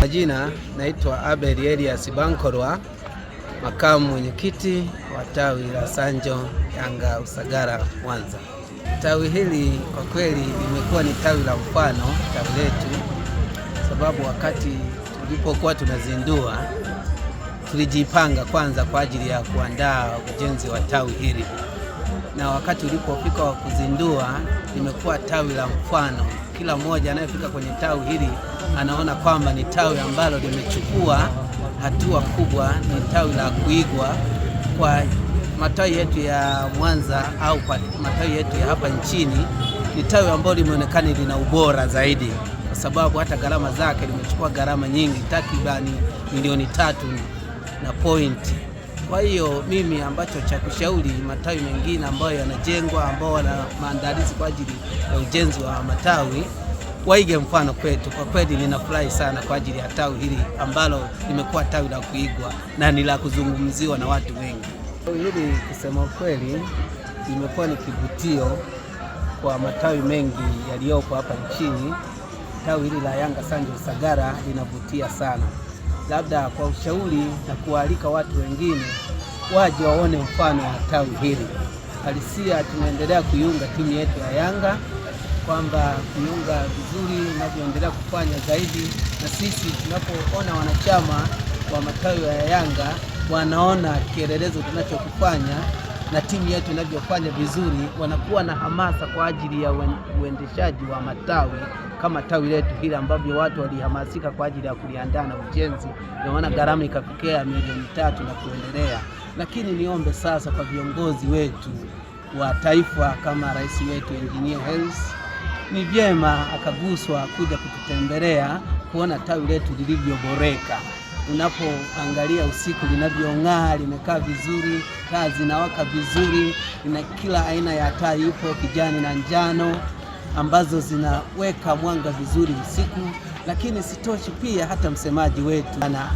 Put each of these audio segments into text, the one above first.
Majina naitwa Abel Elias Bankorwa, makamu mwenyekiti wa tawi la Sanjo Yanga Usagara Mwanza. Tawi hili kwa kweli limekuwa ni tawi la mfano, tawi letu, sababu wakati tulipokuwa tunazindua tulijipanga kwanza kwa ajili ya kuandaa ujenzi wa tawi hili, na wakati ulipofika wa kuzindua limekuwa tawi la mfano. Kila mmoja anayefika kwenye tawi hili anaona kwamba ni tawi ambalo limechukua hatua kubwa, ni tawi la kuigwa kwa matawi yetu ya Mwanza au kwa matawi yetu ya hapa nchini. Ni tawi ambalo limeonekana lina ubora zaidi, kwa sababu hata gharama zake limechukua gharama nyingi takribani milioni tatu na point. Kwa hiyo mimi ambacho cha kushauri matawi mengine ambayo yanajengwa, ambao wana maandalizi kwa ajili ya ujenzi wa matawi waige mfano kwetu. Kwa kweli ninafurahi sana kwa ajili ya tawi hili ambalo limekuwa tawi la kuigwa na ni la kuzungumziwa na watu wengi. tawi Hili kusema kweli limekuwa ni kivutio kwa matawi mengi yaliyopo hapa nchini. Tawi hili la Yanga Sanje Usagara linavutia sana, labda kwa ushauri na kuwaalika watu wengine waje waone mfano wa tawi hili halisia. Tunaendelea kuiunga timu yetu ya Yanga kwamba kuunga vizuri inavyoendelea kufanya zaidi, na sisi tunapoona wanachama wa matawi ya Yanga wanaona kielelezo tunachokifanya na timu yetu inavyofanya vizuri, wanakuwa na hamasa kwa ajili ya uendeshaji wa matawi kama tawi letu hili ambavyo watu walihamasika kwa ajili ya kuliandaa na ujenzi, ndio maana gharama ikafikia milioni tatu na kuendelea. Lakini niombe sasa kwa viongozi wetu wa taifa kama rais wetu Engineer Hersi ni vyema akaguswa kuja kututembelea kuona tawi letu lilivyoboreka. Unapoangalia usiku linavyong'aa, limekaa vizuri, taa zinawaka vizuri, lina kila aina ya taa ipo, kijani na njano, ambazo zinaweka mwanga vizuri usiku. Lakini sitoshi pia, hata msemaji wetu ana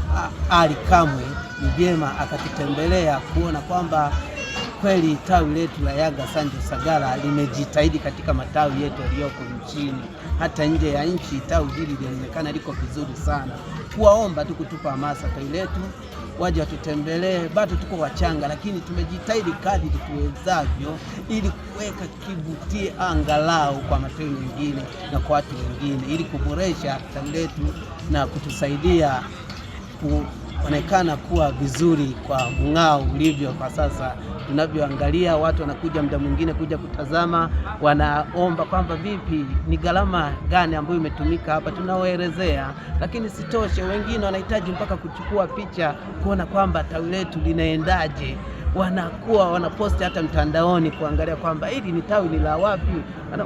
Ali Kamwe ni vyema akatutembelea kuona kwamba kweli tawi letu la Yanga Sanje Sagara limejitahidi katika matawi yetu yaliyoko nchini, hata nje ya nchi. Tawi hili linaonekana liko vizuri sana, kuwaomba tu kutupa hamasa tawi letu waje watutembelee. Bado tuko wachanga, lakini tumejitahidi kadri tuwezavyo, ili kuweka kivutie angalau kwa matawi mengine na kwa watu wengine, ili kuboresha tawi letu na kutusaidia ku inaonekana kuwa vizuri kwa mng'ao ulivyo kwa sasa tunavyoangalia. Watu wanakuja muda mwingine kuja kutazama, wanaomba kwamba vipi, ni gharama gani ambayo imetumika hapa, tunaoelezea Lakini sitoshe, wengine wanahitaji mpaka kuchukua picha kuona kwamba tawi letu linaendaje wanakuwa wanaposti hata mtandaoni kuangalia kwamba hili ni tawi ni la wapi.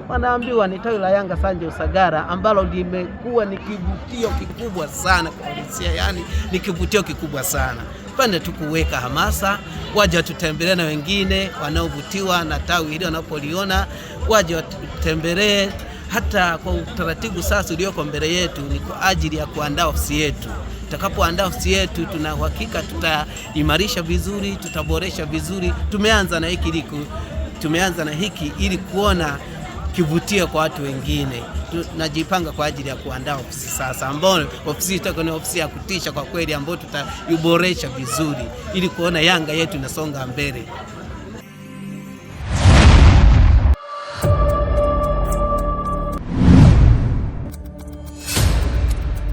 Wanaambiwa ni tawi la Yanga Sanje Usagara, ambalo limekuwa ni kivutio kikubwa sana kwa polisia, yani ni kivutio kikubwa sana pande tu kuweka hamasa, waje watutembelee na wengine wanaovutiwa na tawi hili wanapoliona waje watutembelee hata kwa utaratibu sasa ulioko mbele yetu ni kwa ajili ya kuandaa ofisi yetu. Tutakapoandaa ofisi yetu, tuna uhakika tutaimarisha vizuri, tutaboresha vizuri. Tumeanza na hiki liku, tumeanza na hiki ili kuona kivutio kwa watu wengine. Tunajipanga kwa ajili ya kuandaa ofisi sasa, ambayo ofisi itakuwa ni ofisi ya kutisha kwa kweli, ambayo tutaiboresha vizuri ili kuona Yanga yetu inasonga mbele.